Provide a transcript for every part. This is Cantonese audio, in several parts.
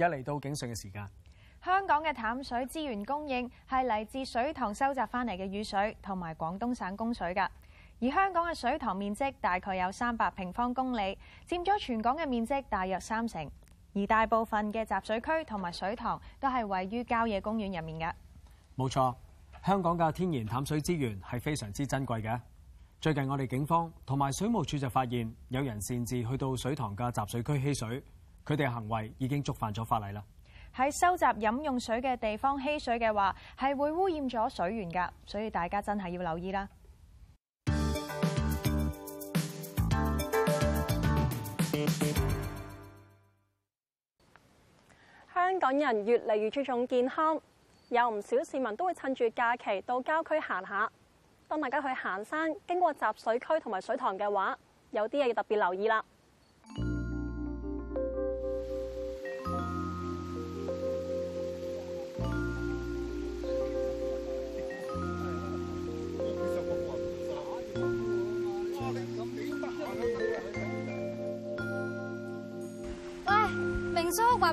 一嚟到警訊嘅時間，香港嘅淡水資源供應係嚟自水塘收集翻嚟嘅雨水，同埋廣東省供水㗎。而香港嘅水塘面積大概有三百平方公里，佔咗全港嘅面積大約三成。而大部分嘅集水區同埋水塘都係位於郊野公園入面嘅。冇錯，香港嘅天然淡水資源係非常之珍貴嘅。最近我哋警方同埋水務署就發現有人擅自去到水塘嘅集水區嬉水。佢哋嘅行為已經觸犯咗法例啦！喺收集飲用水嘅地方嬉水嘅話，係會污染咗水源噶，所以大家真係要留意啦！香港人越嚟越注重健康，有唔少市民都會趁住假期到郊區行下。當大家去行山，經過集水區同埋水塘嘅話，有啲嘢要特別留意啦！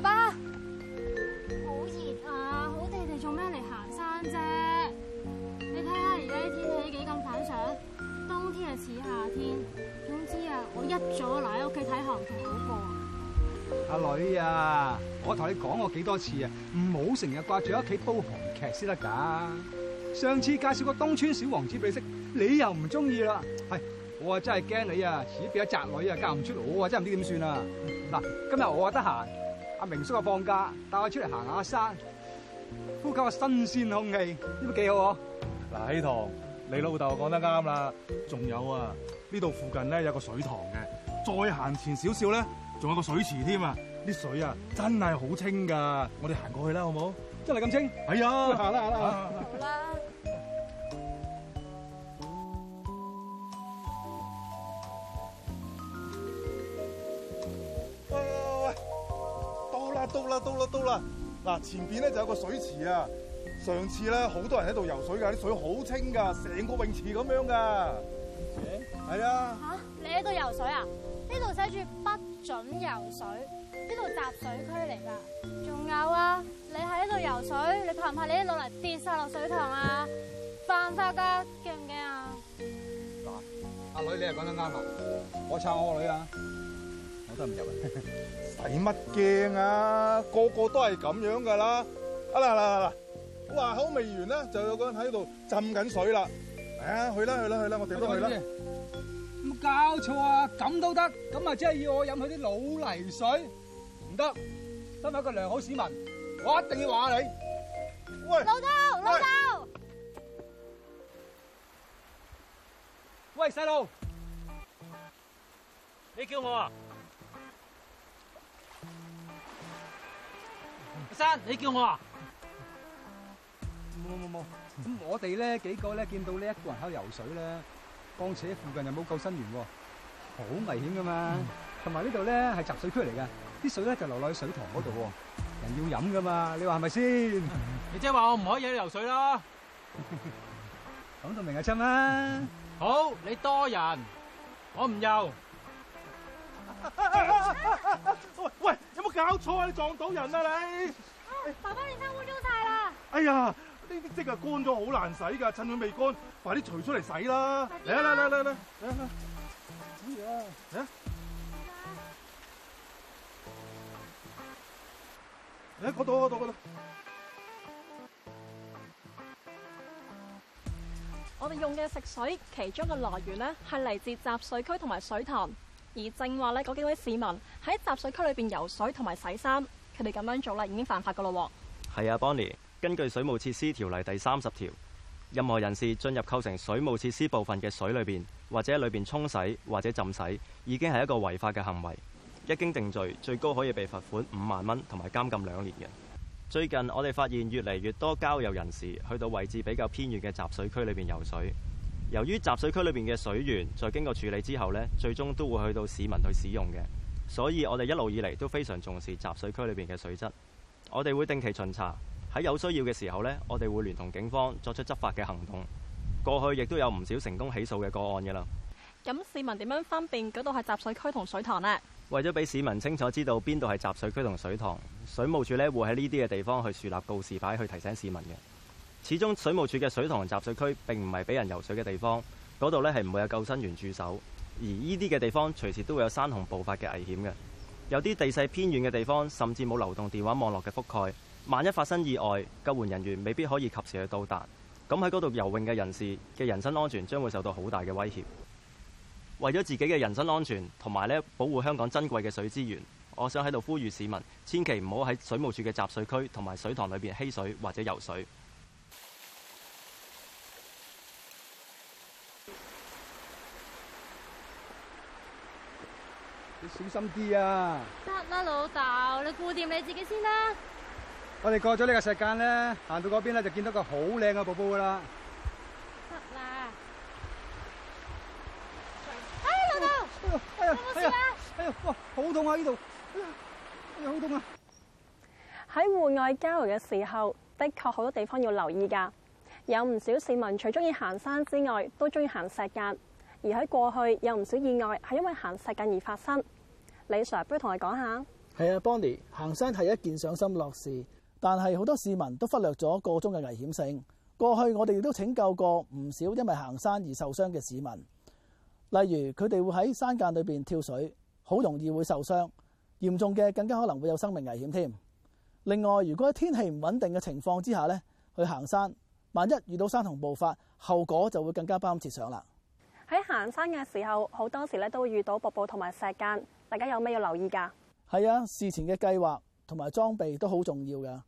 爸爸，好熱啊！好地地做咩嚟行山啫？你睇下而家啲天氣幾咁反常，冬天啊似夏天。總之啊，我一早留喺屋企睇韓劇好過。阿女啊，我同你講過幾多次啊，唔好成日掛住喺屋企煲韓劇先得㗎。上次介紹個東村小王子俾你識，你又唔中意啦。係我啊，真係驚你啊，似變咗宅女啊，嫁唔出我啊，真係唔知點算啊。嗱，今日我得閒。阿明叔啊，放假帶我出嚟行下山，呼吸下新鮮空氣，呢度幾好嗬！嗱，喜棠，你老豆講得啱啦。仲有啊，呢度附近咧有個水塘嘅，再行前少少咧，仲有個水池添啊，啲水啊真係好清噶。我哋行過去啦，好唔好？真係咁清？係啊，行啦，行啦，好啦。 到啦，到啦，到啦！嗱，前邊咧就有個水池啊。上次咧好多人喺度游水噶，啲水好清噶，成個泳池咁樣噶。係啊。吓，你喺度游水啊？呢度寫住不准游水，呢度集水區嚟噶。仲有啊，你喺度游水，你怕唔怕你一路嚟跌晒落水塘啊？犯法噶，驚唔驚啊？嗱，阿女你係講得啱啊！我撐我個女啊。得唔入啊！使乜驚啊？個個都係咁樣噶啦！啊啦啦啦！我話口未完咧，就有個人喺度浸緊水啦！嚟啊，去啦去啦去啦，我哋都去啦！冇搞錯啊，咁都得？咁啊，即係要我飲佢啲老泥水？唔得！身為一個良好市民，我一定要話你。老豆，老豆！喂，細路，你叫我啊？你叫我啊？冇冇冇，咁我哋咧幾個咧，見到呢一個人喺度游水咧，況且附近又冇救生員，好危險噶嘛。同埋呢度咧係集水區嚟噶，啲水咧就流落去水塘嗰度，人要飲噶嘛，你話係咪先？你即係話我唔可以喺度游水啦？咁就明阿親啦，好，你多人，我唔游。喂喂。搞錯啊！你撞到人啦你、哦！爸爸，你衫污糟晒啦！哎呀，呢啲即係乾咗好難洗噶，趁佢未乾，嗯、快啲除出嚟洗啦！嚟啦嚟嚟嚟嚟嚟嚟！呀，嚟啊！嚟啊！嗰度嗰度嗰度！我哋用嘅食水，其中嘅來源呢，係嚟自集水區同埋水塘。而正話呢，嗰幾位市民喺集水區裏邊游水同埋洗衫，佢哋咁樣做啦，已經犯法噶咯。係啊，Bonnie，根據水務設施條例第三十條，任何人士進入構成水務設施部分嘅水裏邊，或者裏邊沖洗或者浸洗，已經係一個違法嘅行為。一經定罪，最高可以被罰款五萬蚊同埋監禁兩年嘅。最近我哋發現越嚟越多郊遊人士去到位置比較偏遠嘅集水區裏邊游水。由於集水區裏面嘅水源，在經過處理之後呢，最終都會去到市民去使用嘅，所以我哋一路以嚟都非常重視集水區裏面嘅水質。我哋會定期巡查，喺有需要嘅時候呢，我哋會聯同警方作出執法嘅行動。過去亦都有唔少成功起訴嘅個案㗎啦。咁市民點樣分辨嗰度係集水區同水塘呢？為咗俾市民清楚知道邊度係集水區同水塘，水務署呢會喺呢啲嘅地方去樹立告示牌去提醒市民嘅。始終水務署嘅水塘集水區並唔係俾人游水嘅地方，嗰度呢係唔會有救生員駐守，而呢啲嘅地方隨時都會有山洪暴發嘅危險嘅。有啲地勢偏遠嘅地方甚至冇流動電話網絡嘅覆蓋，萬一發生意外，救援人員未必可以及時去到達。咁喺嗰度游泳嘅人士嘅人身安全將會受到好大嘅威脅。為咗自己嘅人身安全，同埋呢保護香港珍貴嘅水資源，我想喺度呼籲市民千祈唔好喺水務署嘅集水區同埋水塘裏邊嬉水或者游水。你小心啲啊！得啦，老豆，你顧掂你自己先啦。我哋過咗呢個石澗咧，到邊到寶寶行到嗰邊咧就見到個好靚嘅瀑布噶啦。得啦！哎，老豆，有冇事呀？哎呀，啊、哎呀哇，好痛啊呢度，好痛啊！喺戶、哎啊、外郊遊嘅時候，的確好多地方要留意噶。有唔少市民除中意行山之外，都中意行石澗。而喺過去有唔少意外係因為行石徑而發生。李 Sir，不如同我哋講下。係啊，Bonny，行山係一件賞心樂事，但係好多市民都忽略咗個中嘅危險性。過去我哋亦都拯救過唔少因為行山而受傷嘅市民。例如佢哋會喺山澗裏面跳水，好容易會受傷，嚴重嘅更加可能會有生命危險添。另外，如果喺天氣唔穩定嘅情況之下呢去行山，萬一遇到山洪暴發，後果就會更加不堪設想啦。喺行山嘅時候，好多時咧都會遇到瀑布同埋石澗，大家有咩要留意噶？係啊，事前嘅計劃同埋裝備都好重要嘅。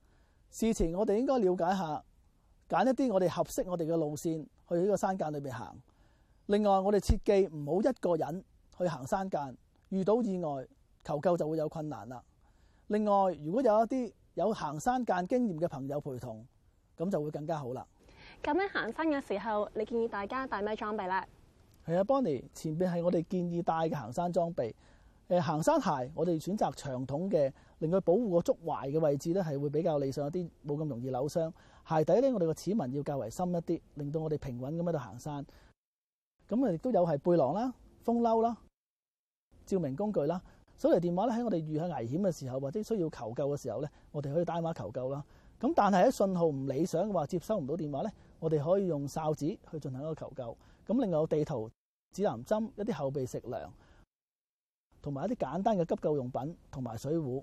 事前我哋應該了解一下，揀一啲我哋合適我哋嘅路線去呢個山澗裏邊行。另外，我哋切記唔好一個人去行山澗，遇到意外求救就會有困難啦。另外，如果有一啲有行山澗經驗嘅朋友陪同，咁就會更加好啦。咁喺行山嘅時候，你建議大家帶咩裝備呢？係啊，Bonnie，前邊係我哋建議帶嘅行山裝備。誒，行山鞋我哋選擇長筒嘅，令佢保護個足踝嘅位置咧，係會比較理想一啲，冇咁容易扭傷。鞋底咧，我哋個齒紋要較為深一啲，令到我哋平穩咁喺度行山。咁啊，亦都有係背囊啦、風褸啦、照明工具啦、手提電話咧，喺我哋遇下危險嘅時候或者需要求救嘅時候咧，我哋可以打電話求救啦。咁但係喺信號唔理想嘅話，接收唔到電話咧，我哋可以用哨子去進行一個求救。咁另外有地圖。指南針、一啲後備食糧，同埋一啲簡單嘅急救用品，同埋水壺。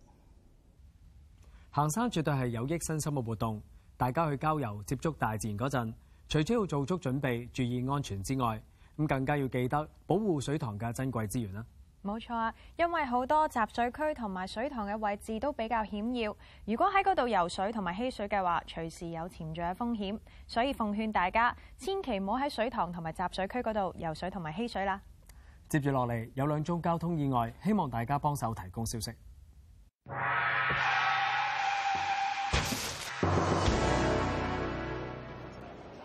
行山絕對係有益身心嘅活動，大家去郊遊接觸大自然嗰陣，除咗要做足準備、注意安全之外，咁更加要記得保護水塘嘅珍貴資源啦。冇錯啊，因為好多集水區同埋水塘嘅位置都比較險要，如果喺嗰度游水同埋嬉水嘅話，隨時有潛在嘅風險，所以奉勸大家千祈唔好喺水塘同埋集水區嗰度游水同埋嬉水啦。接住落嚟有兩宗交通意外，希望大家幫手提供消息。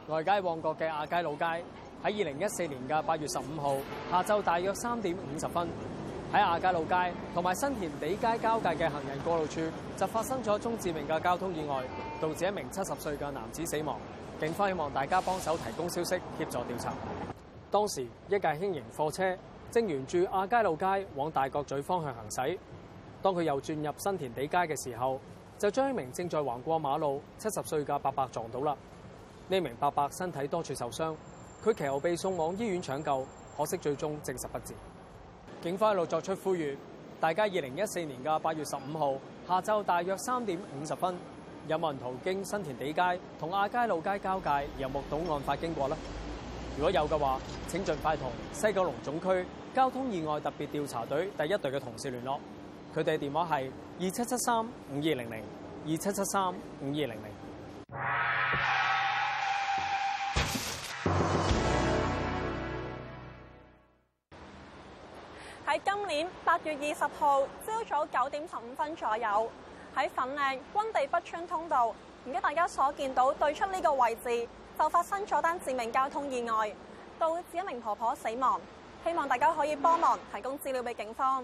外街旺角嘅亞皆老街喺二零一四年嘅八月十五號下晝大約三點五十分，喺亞皆老街同埋新田地街交界嘅行人過路處，就發生咗一宗致命嘅交通意外，導致一名七十歲嘅男子死亡。警方希望大家幫手提供消息，協助調查。當時，一架輕型貨車正沿住亞皆老街往大角咀方向行駛，當佢又轉入新田地街嘅時候，就將一名正在橫過馬路七十歲嘅伯伯撞到啦。呢名伯伯身體多處受傷，佢其後被送往醫院搶救，可惜最終證實不治。警方一路作出呼籲，大家二零一四年嘅八月十五號下晝大約三點五十分，有冇人途經新田地街同亞皆老街交界，有目睹案發經過呢？如果有嘅話，請儘快同西九龍總區交通意外特別調查隊第一隊嘅同事聯絡，佢哋電話係二七七三五二零零二七七三五二零零。今年八月二十號朝早九點十五分左右，喺粉嶺軍地北村通道，而家大家所見到對出呢個位置就發生咗單致命交通意外，導致一名婆婆死亡。希望大家可以幫忙提供資料俾警方。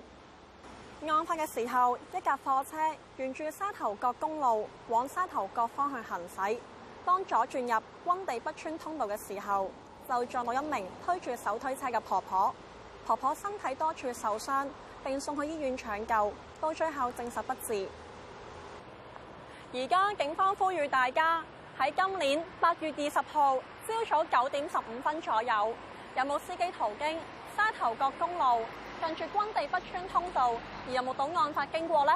案發嘅時候，一架貨車沿住沙頭角公路往沙頭角方向行駛，當左轉入軍地北村通道嘅時候，就撞到一名推住手推車嘅婆婆。婆婆身體多處受傷，並送去醫院搶救，到最後證實不治。而家警方呼籲大家喺今年八月二十號朝早九點十五分左右，有冇司機途經沙頭角公路近住軍地北村通道而有冇目睹案發經過呢？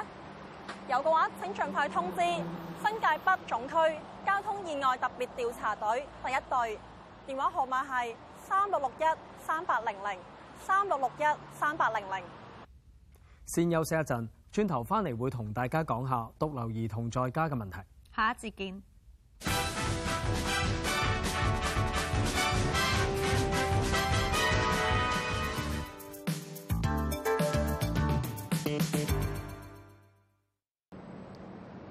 有嘅話，請盡快通知新界北總區交通意外特別調查隊第一隊，電話號碼係三六六一三八零零。三六六一三八零零，先休息一陣，轉頭翻嚟會同大家講下獨留兒童在家嘅問題。下一節見。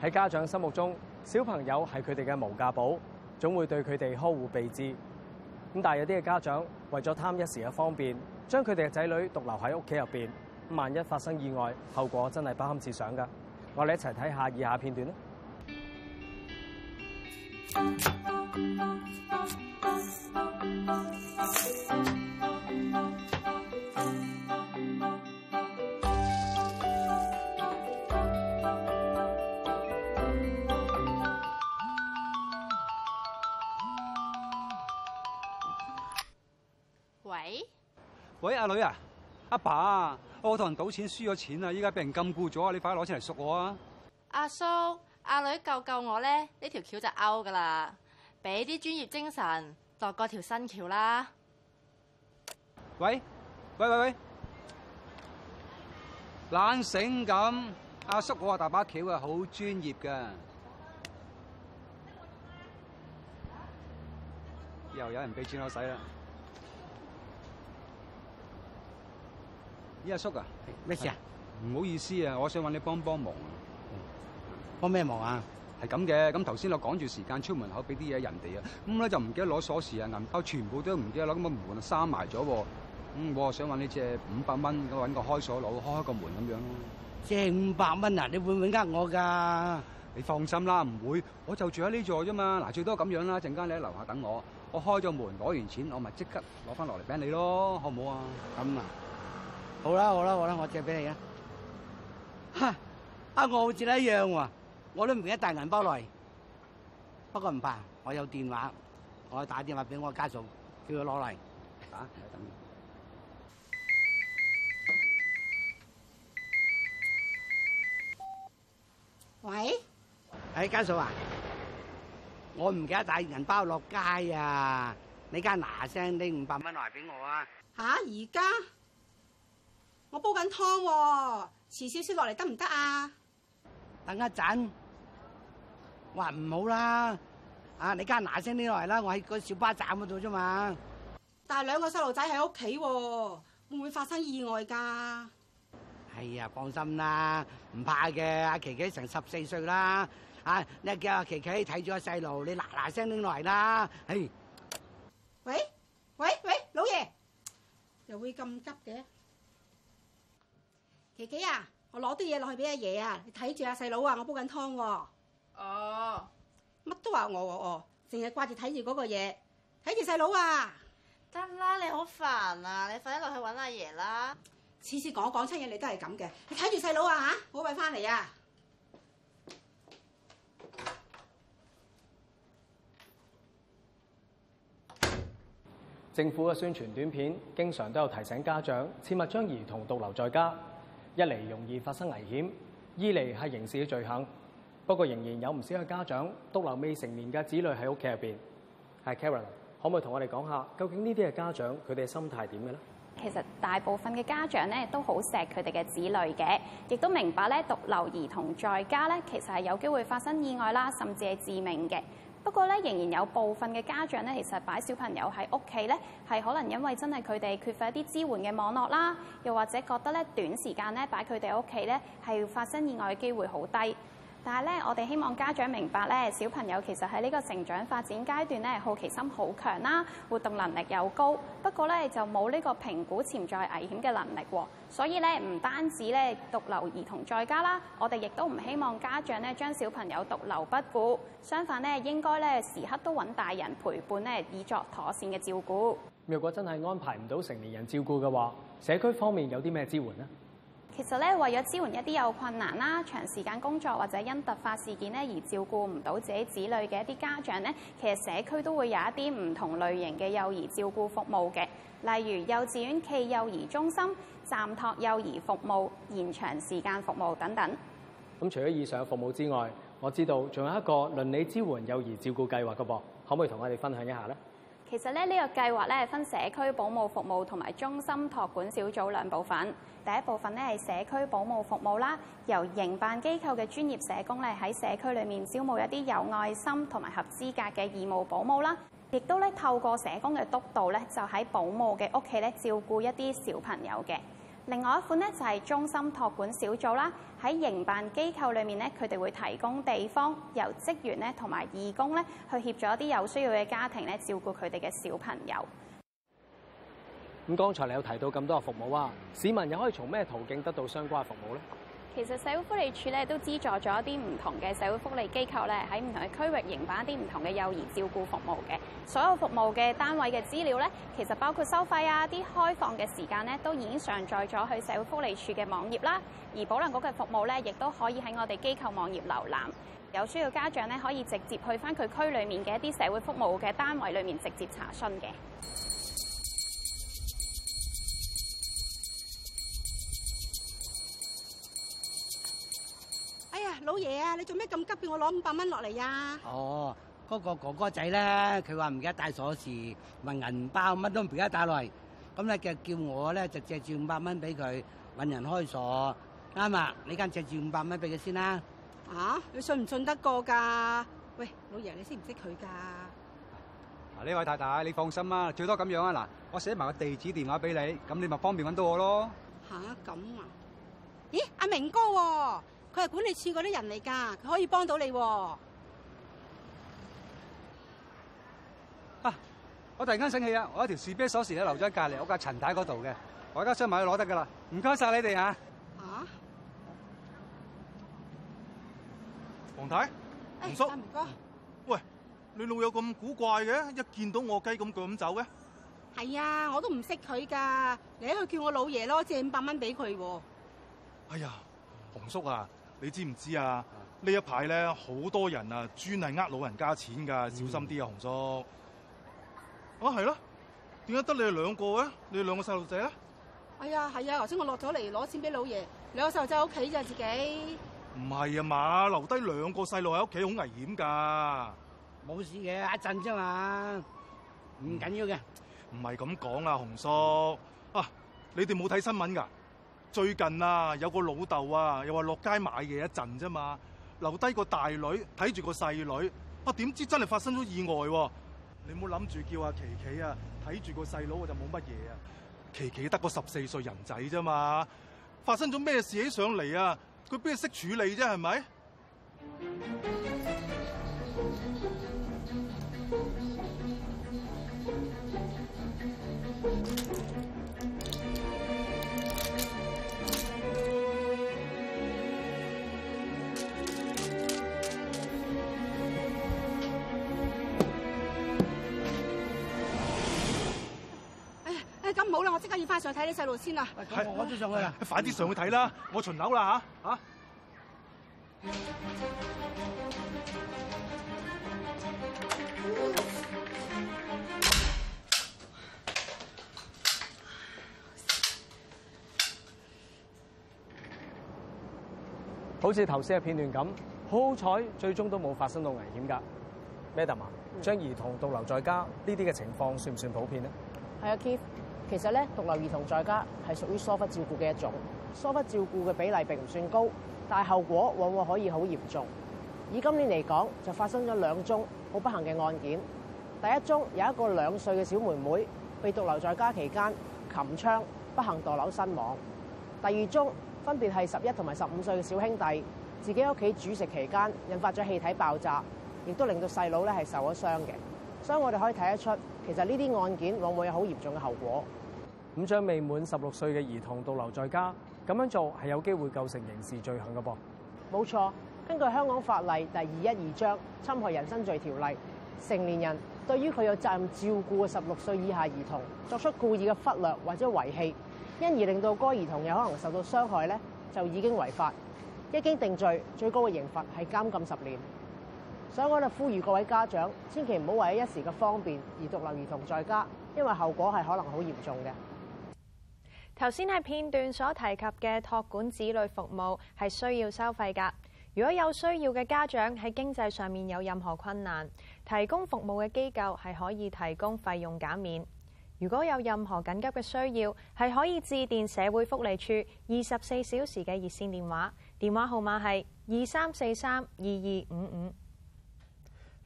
喺家長心目中，小朋友係佢哋嘅無價寶，總會對佢哋呵護備至。咁但係有啲嘅家長為咗貪一時嘅方便。將佢哋嘅仔女獨留喺屋企入邊，萬一發生意外，後果真係不堪設想㗎。我哋一齊睇下以下片段啦。阿爸，爸，我同人賭錢輸咗錢啊！依家俾人禁錮咗啊！你快攞出嚟贖我啊！阿叔，叔，阿女救救我咧！呢條橋就 out 噶啦，俾啲專業精神度過條新橋啦！喂喂喂喂，懶醒咁！阿叔，叔我話大把橋啊，好專業噶，又有人俾錢我使啦。呢阿、啊、叔啊，咩事啊？唔好意思啊，我想揾你幫幫忙啊。幫咩、嗯、忙啊？係咁嘅，咁頭先我趕住時間出門口俾啲嘢人哋啊，咁咧 就唔記得攞鎖匙啊，銀包全部都唔記得攞，咁個門就閂埋咗。咁、嗯、我啊想揾你借五百蚊，我揾個開鎖佬開個門咁樣咯、啊。借五百蚊啊？你會唔會呃我噶？你放心啦、啊，唔會。我就住喺呢座啫嘛，嗱，最多咁樣啦、啊，陣間你喺樓下等我，我開咗門攞完錢，我咪即刻攞翻落嚟俾你咯，好唔好啊？咁啊。好啦，好啦，好啦，我借俾你啦。哈！啊，我好似你一樣喎，我都唔記得帶銀包嚟。不過唔怕，我有電話，我打電話俾我家嫂，叫佢攞嚟。啊？喂？誒，家嫂啊，我唔記得帶銀包落街啊，你家嗱聲拎五百蚊嚟俾我啊。嚇！而家？我煲緊湯喎，遲少少落嚟，得唔得啊？等一陣，話唔好啦，啊你家嗱聲啲落嚟啦，我喺個小巴站嗰度啫嘛。但係兩個細路仔喺屋企，會唔會發生意外噶？哎呀，放心啦，唔怕嘅。阿琪琪成十四歲啦，啊你叫阿琪琪睇住個細路，你嗱嗱聲拎落嚟啦。係，喂喂喂，老爺，又會咁急嘅？琪琪啊，我攞啲嘢落去俾阿爺啊！你睇住阿細佬啊，我煲緊湯喎。哦，乜都話我，我哦，淨係掛住睇住嗰個嘢，睇住細佬啊！得啦，你好煩啊！你快啲落去搵阿爺啦！次次講講親嘢，你都係咁嘅。你睇住細佬啊，吓，好快翻嚟啊！政府嘅宣傳短片經常都有提醒家長切勿將兒童獨留在家。一嚟容易發生危險，二嚟係刑事嘅罪行。不過仍然有唔少嘅家長獨留未成年嘅子女喺屋企入邊。係 Karen，可唔可以同我哋講下究竟呢啲嘅家長佢哋嘅心態點嘅咧？其實大部分嘅家長咧都好錫佢哋嘅子女嘅，亦都明白咧獨留兒童在家咧其實係有機會發生意外啦，甚至係致命嘅。不過咧，仍然有部分嘅家長咧，其實擺小朋友喺屋企咧，係可能因為真係佢哋缺乏一啲支援嘅網絡啦，又或者覺得咧，短時間咧，擺佢哋屋企咧，係發生意外嘅機會好低。但係咧，我哋希望家長明白咧，小朋友其實喺呢個成長發展階段咧，好奇心好強啦，活動能力又高，不過咧就冇呢個評估潛在危險嘅能力喎。所以咧，唔單止咧獨留兒童在家啦，我哋亦都唔希望家長咧將小朋友獨留不顧。相反咧，應該咧時刻都揾大人陪伴咧，以作妥善嘅照顧。如果真係安排唔到成年人照顧嘅話，社區方面有啲咩支援呢？其實咧，為咗支援一啲有困難啦、長時間工作或者因突發事件咧而照顧唔到自己子女嘅一啲家長咧，其實社區都會有一啲唔同類型嘅幼兒照顧服務嘅，例如幼稚園、暨幼兒中心、暫托幼兒服務、延長時間服務等等。咁除咗以上的服務之外，我知道仲有一個鄰里支援幼兒照顧計劃嘅噃，可唔可以同我哋分享一下咧？其實咧，呢個計劃咧分社區保姆服務同埋中心托管小組兩部分。第一部分咧係社區保姆服務啦，由營辦機構嘅專業社工咧喺社區裡面，招募一啲有愛心同埋合資格嘅義務保姆啦，亦都咧透過社工嘅督導咧，就喺保姆嘅屋企咧照顧一啲小朋友嘅。另外一款咧就係中心託管小組啦，喺營辦機構裏面咧，佢哋會提供地方，由職員咧同埋義工咧去協助一啲有需要嘅家庭咧照顧佢哋嘅小朋友。咁剛才你有提到咁多嘅服務啊，市民又可以從咩途徑得到相關嘅服務咧？其實社會福利署咧都資助咗一啲唔同嘅社會福利機構咧，喺唔同嘅區域營辦一啲唔同嘅幼兒照顧服務嘅。所有服務嘅單位嘅資料咧，其實包括收費啊、啲開放嘅時間咧，都已經上載咗去社會福利署嘅網頁啦。而保良局嘅服務咧，亦都可以喺我哋機構網頁瀏覽。有需要家長咧，可以直接去返佢區裡面嘅一啲社會服務嘅單位裏面直接查詢嘅。老爺啊，你做咩咁急叫我攞五百蚊落嚟呀？哦，嗰個哥哥仔咧，佢話唔記得帶鎖匙、問銀包、乜都唔記得帶落嚟，咁咧就叫我咧就借住五百蚊俾佢揾人開鎖。啱啦，你間借住五百蚊俾佢先啦。吓，你信唔信得過噶？喂，老爺，你識唔識佢噶？嗱，呢位太太，你放心啦，最多咁樣啊嗱，我寫埋個地址電話俾你，咁你咪方便揾到我咯。吓，咁啊？咦，阿明哥喎？佢係管理處嗰啲人嚟噶，佢可以幫到你，啊。啊！我突然間醒起太太啊，我一條士啤鎖匙咧留咗喺隔籬屋架陳太嗰度嘅，我而家想埋去攞得噶啦。唔該晒你哋啊。啊黃太？洪太洪叔，唔該、哎。喂，你老友咁古怪嘅，一見到我雞咁腳咁走嘅。係啊，我都唔識佢噶，你喺度叫我老爺咯，借五百蚊俾佢。哎呀，洪叔啊！你知唔知啊？呢一排咧，好多人啊，專係呃老人家錢噶，小心啲啊，紅、嗯、叔。啊，係咯？點解得你哋兩個啊？你哋兩個細路仔啊？哎呀，係啊！頭先我落咗嚟攞錢俾老爺，兩個細路仔喺屋企咋，自己。唔係啊嘛，留低兩個細路喺屋企好危險噶。冇事嘅，一陣啫嘛，唔、嗯、緊要嘅。唔係咁講啊，紅叔啊，你哋冇睇新聞噶？最近啊，有個老豆啊，又話落街買嘢一陣啫嘛，留低個大女睇住個細女，啊點知真係發生咗意外喎、啊？你冇諗住叫阿琪琪啊睇住個細佬，我就冇乜嘢啊？琪琪得個十四歲人仔啫嘛，發生咗咩事起上嚟啊？佢邊度識處理啫、啊？係咪？即刻要翻上睇你細路先啦！係，我先上去啦，快啲上去睇啦！我巡樓啦吓吓，好似頭先嘅片段咁，好彩最終都冇發生到危險噶？Madam，將兒童逗留在家呢啲嘅情況，算唔算普遍呢？係啊，Keith。其實咧，獨留兒童在家係屬於疏忽照顧嘅一種，疏忽照顧嘅比例並唔算高，但係後果往往可以好嚴重。以今年嚟講，就發生咗兩宗好不幸嘅案件。第一宗有一個兩歲嘅小妹妹被獨留在家期間，擒窗不幸墮樓身亡。第二宗分別係十一同埋十五歲嘅小兄弟自己屋企煮食期間，引發咗氣體爆炸，亦都令到細佬咧係受咗傷嘅。所以我哋可以睇得出。其實呢啲案件往往會有好嚴重嘅後果。咁將未滿十六歲嘅兒童獨留在家，咁樣做係有機會構成刑事罪行㗎噃。冇錯，根據香港法例第二一二章《侵害人身罪條例》，成年人對於佢有責任照顧嘅十六歲以下兒童作出故意嘅忽略或者遺棄，因而令到該兒童有可能受到傷害咧，就已經違法。一經定罪，最高嘅刑罰係監禁十年。所以我哋呼籲各位家長，千祈唔好為咗一時嘅方便而獨留兒童在家，因為後果係可能好嚴重嘅。頭先係片段所提及嘅託管子女服務係需要收費㗎。如果有需要嘅家長喺經濟上面有任何困難，提供服務嘅機構係可以提供費用減免。如果有任何緊急嘅需要，係可以致電社會福利署二十四小時嘅熱線電話，電話號碼係二三四三二二五五。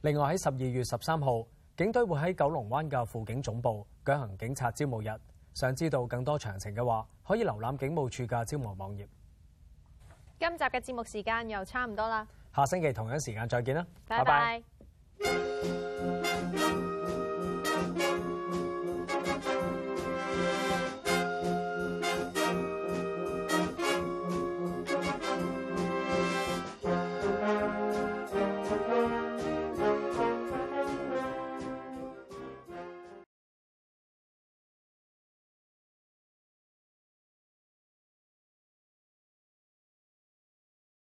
另外，喺十二月十三號，警隊會喺九龍灣嘅輔警總部舉行警察招募日。想知道更多詳情嘅話，可以瀏覽警務處嘅招募網頁。今集嘅節目時間又差唔多啦，下星期同樣時間再見啦，拜拜 bye。Bye bye